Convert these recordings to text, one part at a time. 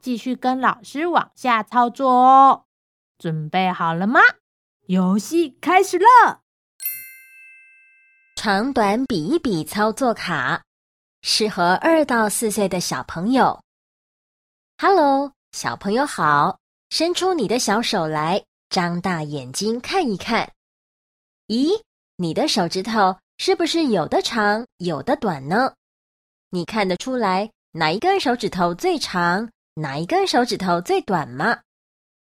繼續跟老師往下操作哦，準備好了嗎？遊戲開始了！長短比一比操作卡，適合二到四歲的小朋友。Hello，小朋友好，伸出你的小手來，張大眼睛看一看。咦？你的手指頭是不是有的長，有的短呢？你看得出來哪一根手指頭最長？哪一根手指頭最短嗎？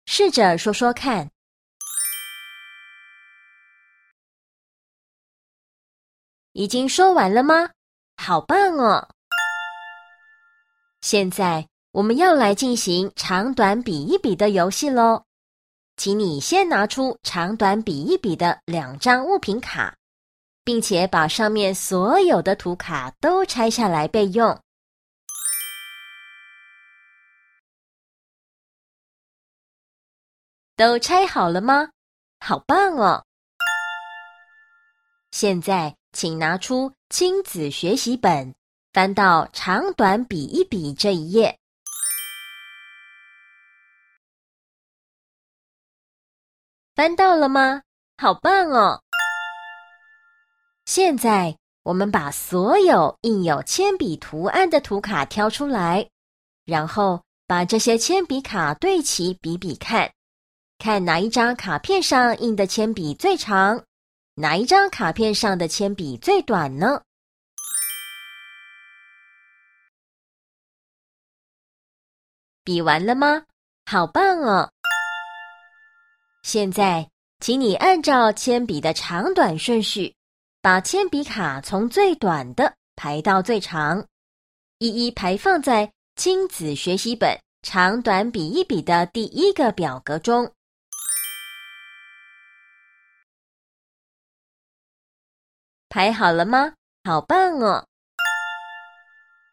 試着說說看。已經說完了嗎？好棒哦！現在我們要來進行長短比一比的遊戲嘍，請你先拿出長短比一比的兩張物品卡，並且把上面所有的圖卡都拆下來備用。都拆好了嗎？好棒哦！現在請拿出親子學習本，翻到“長短比一比”這一頁。翻到了嗎？好棒哦！現在我們把所有印有鉛筆圖案的圖卡挑出來，然後把這些鉛筆卡對齊，比比看。看哪一張卡片上印的鉛筆最長，哪一張卡片上的鉛筆最短呢？比完了嗎？好棒哦！現在，請你按照鉛筆的長短順序，把鉛筆卡從最短的排到最長，一一排放在《親子學習本長短比一比》的第一個表格中。排好了嗎？好棒哦！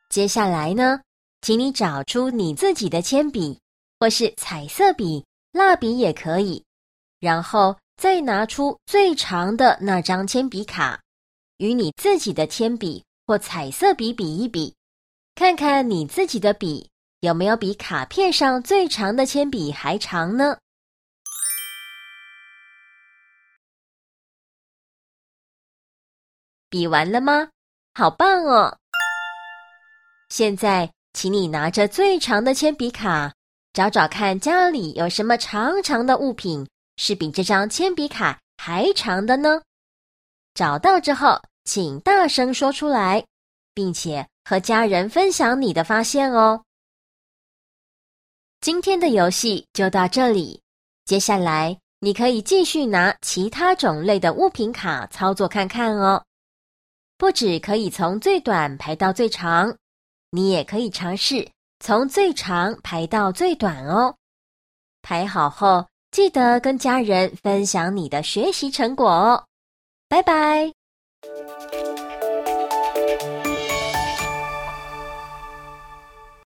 接下來呢，請你找出你自己的鉛筆，或是彩色筆、蠟筆也可以，然後再拿出最長的那張鉛筆卡，與你自己的鉛筆或彩色筆比一比，看看你自己的筆有沒有比卡片上最長的鉛筆還長呢？比完了嗎？好棒哦！現在，請你拿着最長的鉛筆卡，找找看家裡有什麼長長的物品，是比這張鉛筆卡還長的呢？找到之後，請大聲說出來，並且和家人分享你的發現哦。今天的遊戲就到這裡，接下來你可以繼續拿其他種類的物品卡操作看看哦。不只可以從最短排到最長，你也可以嘗試從最長排到最短哦。排好後，記得跟家人分享你的學習成果哦。拜拜。